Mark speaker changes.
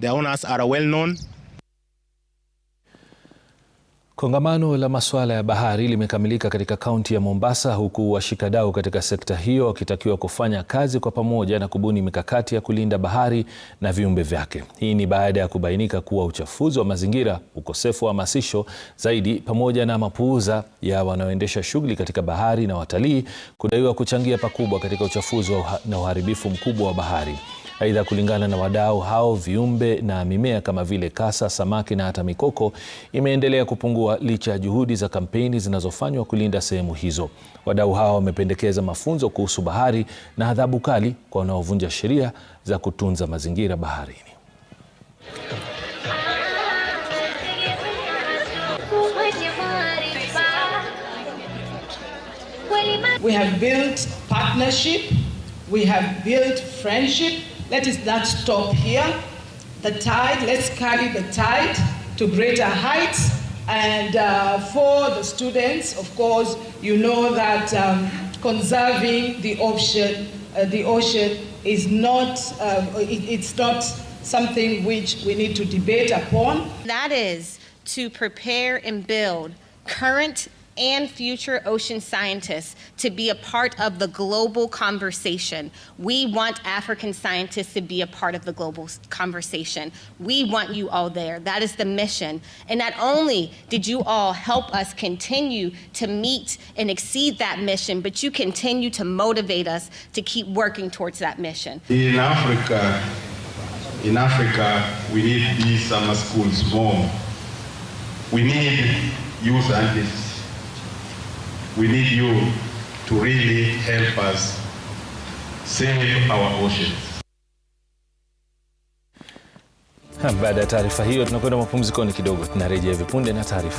Speaker 1: The owners are well known.
Speaker 2: Kongamano la masuala ya bahari limekamilika katika kaunti ya Mombasa huku washikadau katika sekta hiyo wakitakiwa kufanya kazi kwa pamoja na kubuni mikakati ya kulinda bahari na viumbe vyake. Hii ni baada ya kubainika kuwa uchafuzi wa mazingira, ukosefu wa hamasisho zaidi, pamoja na mapuuza ya wanaoendesha shughuli katika bahari na watalii kudaiwa kuchangia pakubwa katika uchafuzi na uharibifu mkubwa wa bahari. Aidha, kulingana na wadau hao, viumbe na mimea kama vile kasa, samaki na hata mikoko imeendelea kupungua licha ya juhudi za kampeni zinazofanywa kulinda sehemu hizo. Wadau hao wamependekeza mafunzo kuhusu bahari na adhabu kali kwa wanaovunja sheria za kutunza mazingira baharini.
Speaker 3: We have built partnership, we have built friendship Let us not stop here. The tide, let's carry the tide to greater heights. And uh, for the students, of course, you know that um, conserving the ocean, uh, the ocean is not, uh, it, it's not something which we need to debate upon.
Speaker 4: That is to prepare and build current and future ocean scientists to be a part of the global conversation. We want African scientists to be a part of the global conversation. We want you all there. That is the mission. And not only did you all help us continue to meet and exceed that mission, but you continue to motivate us to keep working towards that mission.
Speaker 5: In Africa, in Africa, we need these summer schools more. We need youth scientists we need you to really help us save our oceans.
Speaker 2: Baada ya taarifa hiyo, tunakwenda mapumzikoni kidogo, tunarejea hivi punde na taarifa